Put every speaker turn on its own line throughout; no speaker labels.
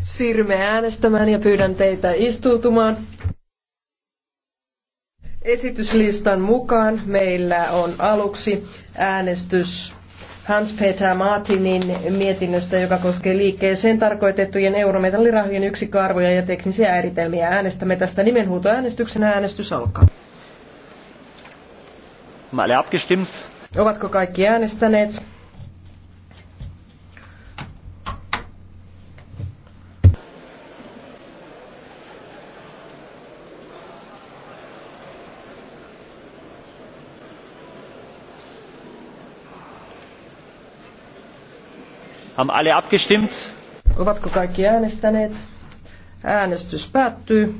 Siirrymme äänestämään ja pyydän teitä istuutumaan. Esityslistan mukaan meillä on aluksi äänestys Hans-Peter Martinin mietinnöstä, joka koskee liikkeeseen tarkoitettujen eurometallirahojen yksikköarvoja ja teknisiä ääritelmiä. Äänestämme tästä nimenhuutoäänestyksenä. Äänestys alkaa. Ovatko kaikki äänestäneet? Haben alle abgestimmt? Ovatko kaikki äänestäneet? Äänestys päättyy.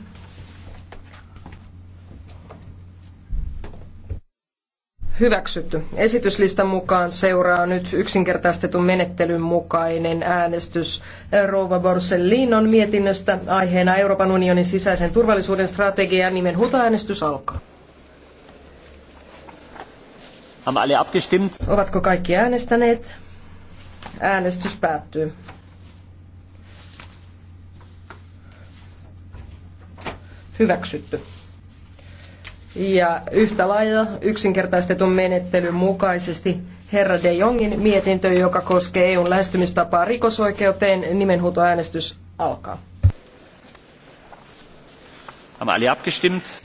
Hyväksytty. Esityslistan mukaan seuraa nyt yksinkertaistetun menettelyn mukainen äänestys Rouva Borsellinon mietinnöstä aiheena Euroopan unionin sisäisen turvallisuuden strategia nimen huta-äänestys alkaa. Ovatko kaikki äänestäneet? Äänestys päättyy. Hyväksytty. Ja yhtä lailla yksinkertaistetun menettelyn mukaisesti herra De Jongin mietintö, joka koskee EUn lähestymistapaa rikosoikeuteen, nimenhuutoäänestys alkaa.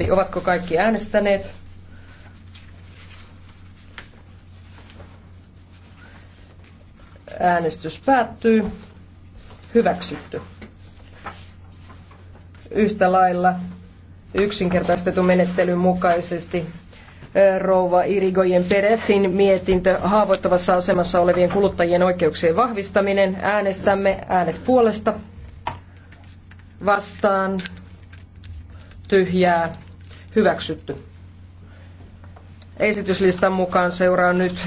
Ovatko kaikki äänestäneet? Äänestys päättyy. Hyväksytty. Yhtä lailla yksinkertaistetun menettelyn mukaisesti rouva Irigoyen Peresin mietintö haavoittavassa asemassa olevien kuluttajien oikeuksien vahvistaminen. Äänestämme äänet puolesta vastaan tyhjää hyväksytty. Esityslistan mukaan seuraa nyt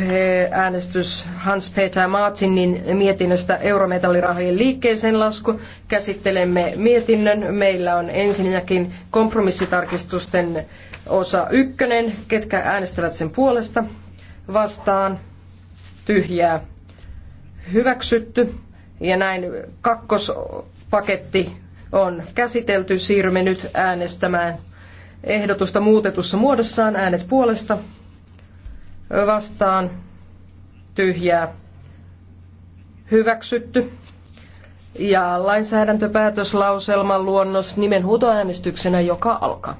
äänestys Hans-Peter Martinin mietinnöstä eurometallirahojen liikkeeseen lasku. Käsittelemme mietinnön. Meillä on ensinnäkin kompromissitarkistusten osa ykkönen. Ketkä äänestävät sen puolesta? Vastaan. Tyhjää. Hyväksytty. Ja näin kakkospaketti on käsitelty. Siirrymme nyt äänestämään ehdotusta muutetussa muodossaan. Äänet puolesta vastaan tyhjää hyväksytty. Ja lainsäädäntöpäätöslauselman luonnos nimen huutoäänestyksenä, joka alkaa.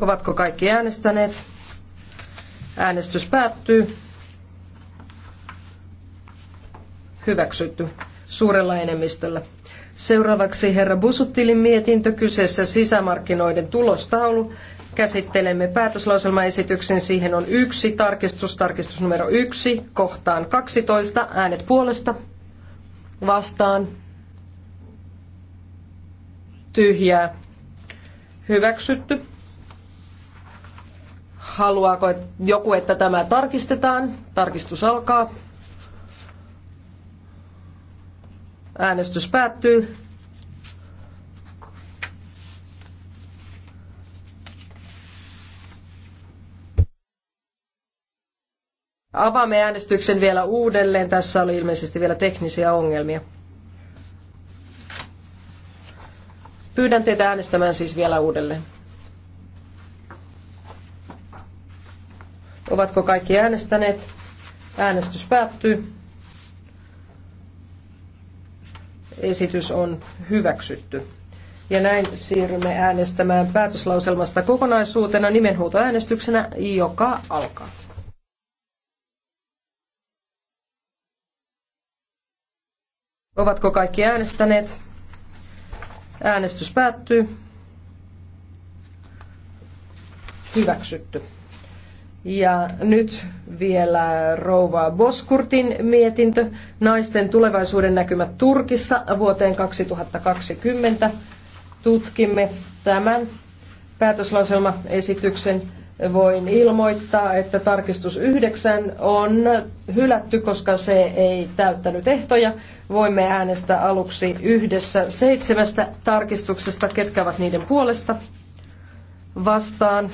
Ovatko kaikki äänestäneet? Äänestys päättyy. Hyväksytty suurella enemmistöllä. Seuraavaksi herra Busuttilin mietintö kyseessä sisämarkkinoiden tulostaulu. Käsittelemme päätöslauselmaesityksen. Siihen on yksi tarkistus, tarkistus numero yksi, kohtaan 12. Äänet puolesta, vastaan, tyhjää, hyväksytty. Haluaako joku, että tämä tarkistetaan? Tarkistus alkaa. Äänestys päättyy. Avaamme äänestyksen vielä uudelleen. Tässä oli ilmeisesti vielä teknisiä ongelmia. Pyydän teitä äänestämään siis vielä uudelleen. Ovatko kaikki äänestäneet? Äänestys päättyy. esitys on hyväksytty. Ja näin siirrymme äänestämään päätöslauselmasta kokonaisuutena nimenhuutoäänestyksenä, joka alkaa. Ovatko kaikki äänestäneet? Äänestys päättyy. Hyväksytty. Ja nyt vielä rouva Boskurtin mietintö, naisten tulevaisuuden näkymät Turkissa vuoteen 2020. Tutkimme tämän päätöslauselmaesityksen. Voin ilmoittaa, että tarkistus 9 on hylätty, koska se ei täyttänyt ehtoja. Voimme äänestää aluksi yhdessä seitsemästä tarkistuksesta, ketkä ovat niiden puolesta vastaan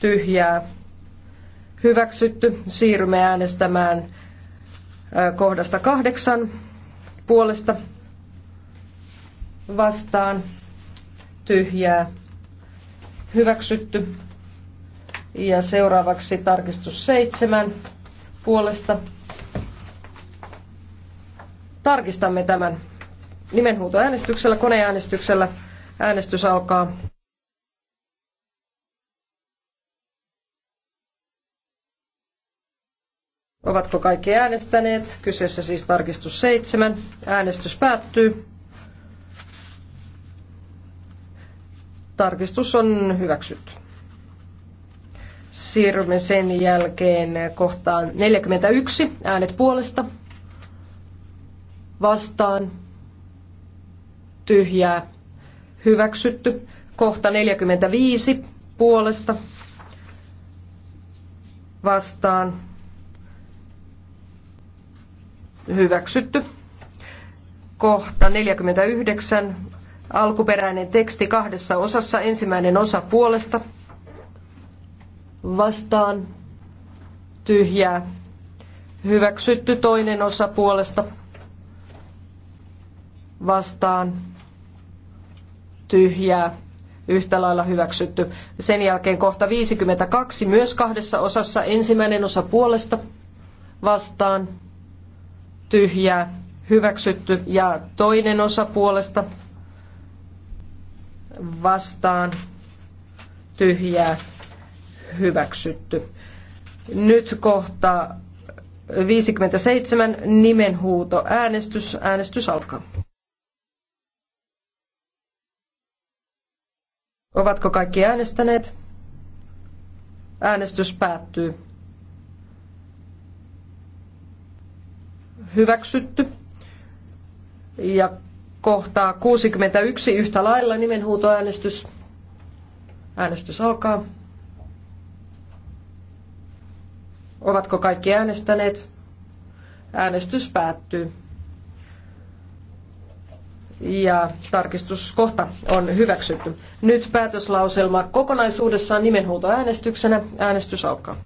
tyhjää hyväksytty. Siirrymme äänestämään kohdasta kahdeksan puolesta vastaan tyhjää hyväksytty. Ja seuraavaksi tarkistus seitsemän puolesta. Tarkistamme tämän nimenhuutoäänestyksellä, koneäänestyksellä. Äänestys alkaa. Ovatko kaikki äänestäneet? Kyseessä siis tarkistus 7. Äänestys päättyy. Tarkistus on hyväksytty. Siirrymme sen jälkeen kohtaan 41. Äänet puolesta. Vastaan. Tyhjää. Hyväksytty. Kohta 45. Puolesta. Vastaan hyväksytty. Kohta 49, alkuperäinen teksti kahdessa osassa, ensimmäinen osa puolesta, vastaan, tyhjää, hyväksytty toinen osa puolesta, vastaan, tyhjää, yhtä lailla hyväksytty. Sen jälkeen kohta 52 myös kahdessa osassa, ensimmäinen osa puolesta, vastaan, tyhjää hyväksytty ja toinen osa puolesta vastaan tyhjää hyväksytty. Nyt kohta 57 nimenhuuto äänestys. Äänestys alkaa. Ovatko kaikki äänestäneet? Äänestys päättyy. hyväksytty. Ja kohtaa 61 yhtä lailla nimenhuutoäänestys. Äänestys alkaa. Ovatko kaikki äänestäneet? Äänestys päättyy. Ja tarkistuskohta on hyväksytty. Nyt päätöslauselma kokonaisuudessaan nimenhuutoäänestyksenä. Äänestys alkaa.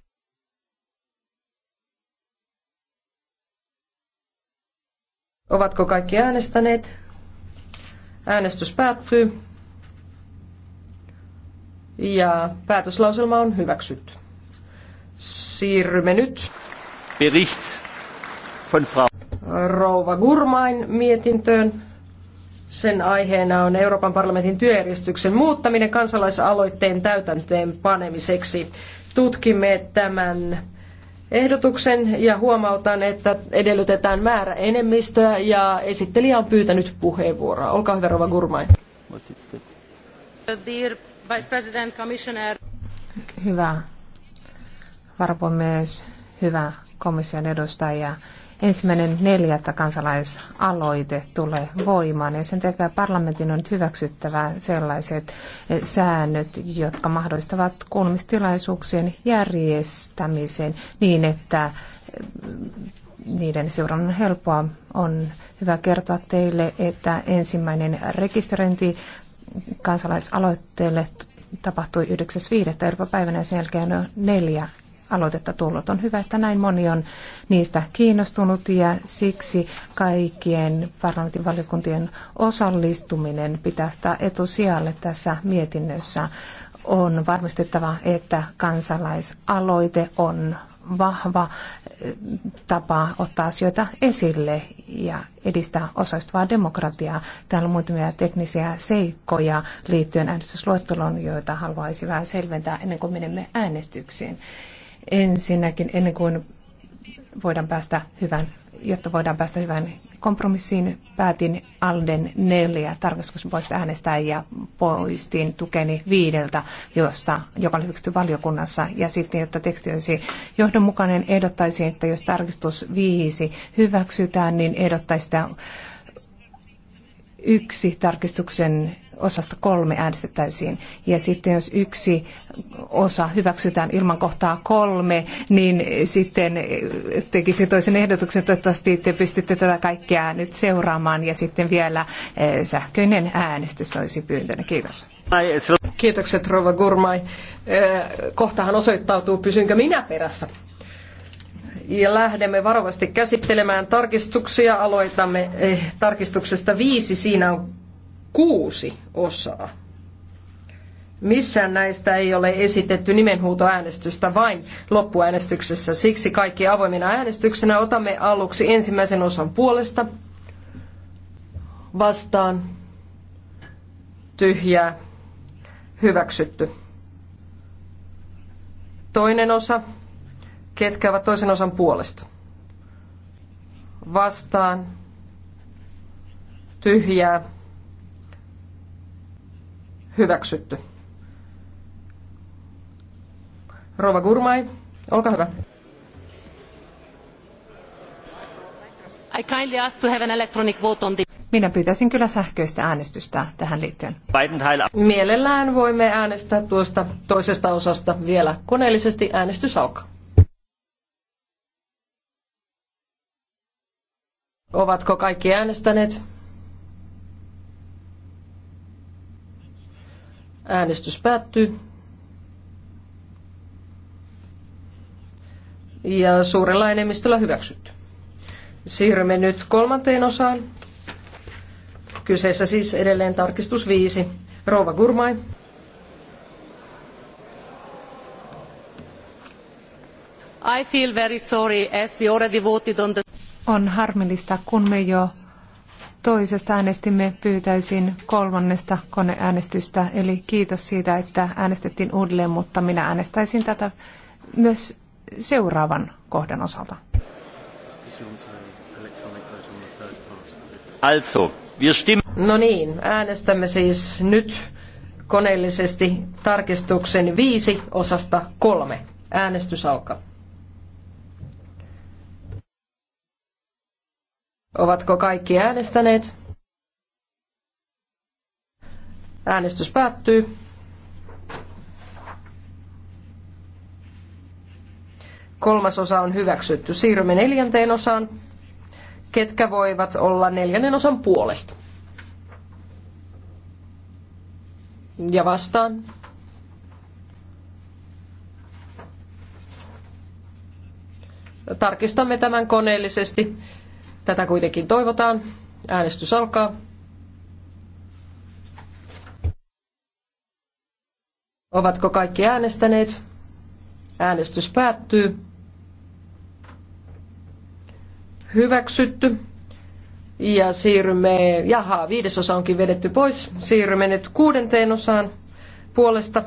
Ovatko kaikki äänestäneet? Äänestys päättyy. Ja päätöslauselma on hyväksytty. Siirrymme nyt. Bericht von Frau. Rouva Gurmain mietintöön. Sen aiheena on Euroopan parlamentin työjärjestyksen muuttaminen kansalaisaloitteen täytäntöön panemiseksi. Tutkimme tämän ehdotuksen ja huomautan, että edellytetään määrä enemmistöä ja esittelijä on pyytänyt puheenvuoroa. Olkaa hyvä, Rova Gurmai. Hyvä
varapuhemies, hyvä komission edustaja ensimmäinen neljättä kansalaisaloite tulee voimaan ja sen takia parlamentin on nyt hyväksyttävä sellaiset eh, säännöt, jotka mahdollistavat kuulemistilaisuuksien järjestämisen niin, että eh, niiden seurannan helpoa on hyvä kertoa teille, että ensimmäinen rekisteröinti kansalaisaloitteelle tapahtui 9.5. Euroopan päivänä sen jälkeen on neljä aloitetta tullut. On hyvä, että näin moni on niistä kiinnostunut ja siksi kaikkien parlamentin valiokuntien osallistuminen pitää sitä etusijalle tässä mietinnössä. On varmistettava, että kansalaisaloite on vahva tapa ottaa asioita esille ja edistää osallistuvaa demokratiaa. Täällä on muutamia teknisiä seikkoja liittyen äänestysluetteloon, joita haluaisin vähän selventää ennen kuin menemme äänestyksiin ensinnäkin ennen kuin voidaan päästä hyvän, jotta voidaan päästä hyvään kompromissiin, päätin Alden neljä tarkastuksen poista äänestää ja poistin tukeni viideltä, josta, joka oli hyväksytty valiokunnassa. Ja sitten, jotta teksti olisi johdonmukainen, ehdottaisin, että jos tarkistus viisi hyväksytään, niin ehdottaisin sitä yksi tarkistuksen osasta kolme äänestettäisiin. Ja sitten jos yksi osa hyväksytään ilman kohtaa kolme, niin sitten tekisi toisen ehdotuksen. Toivottavasti te pystytte tätä kaikkea nyt seuraamaan ja sitten vielä eh, sähköinen äänestys olisi pyyntönä. Kiitos.
Kiitokset Rova Gurmai. Eh, kohtahan osoittautuu, pysynkö minä perässä ja lähdemme varovasti käsittelemään tarkistuksia. Aloitamme eh, tarkistuksesta viisi. Siinä on kuusi osaa. Missään näistä ei ole esitetty nimenhuutoäänestystä, vain loppuäänestyksessä. Siksi kaikki avoimina äänestyksenä otamme aluksi ensimmäisen osan puolesta. Vastaan. Tyhjää. Hyväksytty. Toinen osa. Ketkä ovat toisen osan puolesta? Vastaan. Tyhjää Hyväksytty. Rova Gurmai, olkaa hyvä.
I kindly ask to have an
electronic vote on the... Minä pyytäisin kyllä sähköistä äänestystä tähän liittyen. Mielellään voimme äänestää tuosta toisesta osasta vielä koneellisesti äänestys alkaa. Ovatko kaikki äänestäneet? Äänestys päättyy. Ja suurella enemmistöllä hyväksytty. Siirrymme nyt kolmanteen osaan. Kyseessä siis edelleen tarkistus 5. Rouva Gurmai. I feel very sorry as we already voted on the...
On harmillista, kun me jo toisesta äänestimme, pyytäisin kolmannesta koneäänestystä. Eli kiitos siitä, että äänestettiin uudelleen, mutta minä äänestäisin tätä myös
seuraavan kohdan osalta. Also, wir stimmen. No niin, äänestämme siis nyt koneellisesti tarkistuksen viisi osasta kolme. Äänestys alkaa. Ovatko kaikki äänestäneet? Äänestys päättyy. Kolmas osa on hyväksytty. Siirrymme neljänteen osaan. Ketkä voivat olla neljännen osan puolesta? Ja vastaan. Tarkistamme tämän koneellisesti. Tätä kuitenkin toivotaan. Äänestys alkaa. Ovatko kaikki äänestäneet? Äänestys päättyy. Hyväksytty. Ja siirrymme, jaha, viidesosa onkin vedetty pois. Siirrymme nyt kuudenteen osaan puolesta.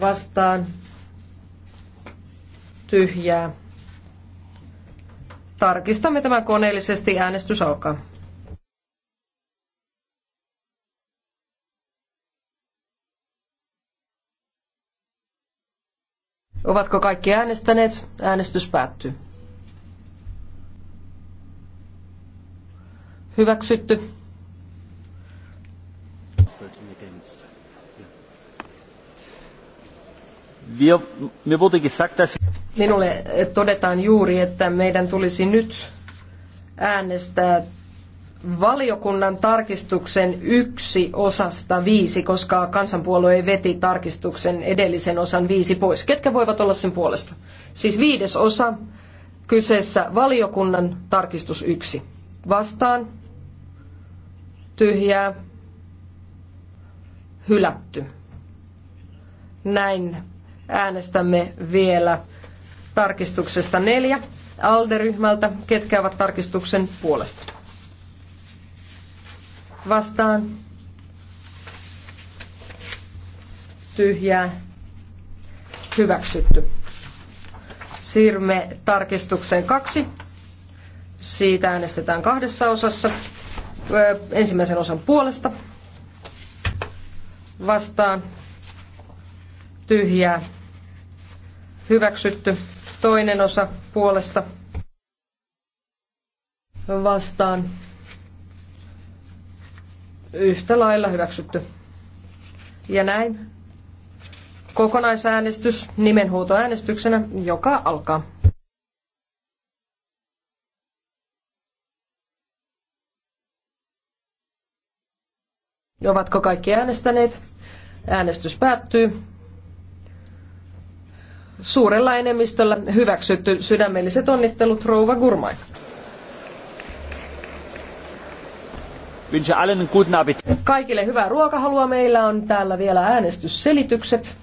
Vastaan tyhjää. Tarkistamme tämän koneellisesti. Äänestys alkaa. Ovatko kaikki äänestäneet? Äänestys päättyy. Hyväksytty. Wir Mir wurde gesagt, dass Minulle todetaan juuri, että meidän tulisi nyt äänestää valiokunnan tarkistuksen yksi osasta viisi, koska kansanpuolue veti tarkistuksen edellisen osan viisi pois. Ketkä voivat olla sen puolesta? Siis viides osa, kyseessä valiokunnan tarkistus yksi. Vastaan, tyhjää, hylätty. Näin äänestämme vielä tarkistuksesta neljä ALDE-ryhmältä. Ketkä ovat tarkistuksen puolesta? Vastaan. Tyhjää. Hyväksytty. Siirrymme tarkistukseen kaksi. Siitä äänestetään kahdessa osassa. Ensimmäisen osan puolesta. Vastaan. Tyhjää. Hyväksytty. Toinen osa puolesta vastaan yhtä lailla hyväksytty. Ja näin. Kokonaisäänestys nimenhuutoäänestyksenä, joka alkaa. Ovatko kaikki äänestäneet? Äänestys päättyy suurella enemmistöllä hyväksytty. Sydämelliset onnittelut rouva Gurmai. Kaikille hyvää ruokahalua. Meillä on täällä vielä äänestysselitykset.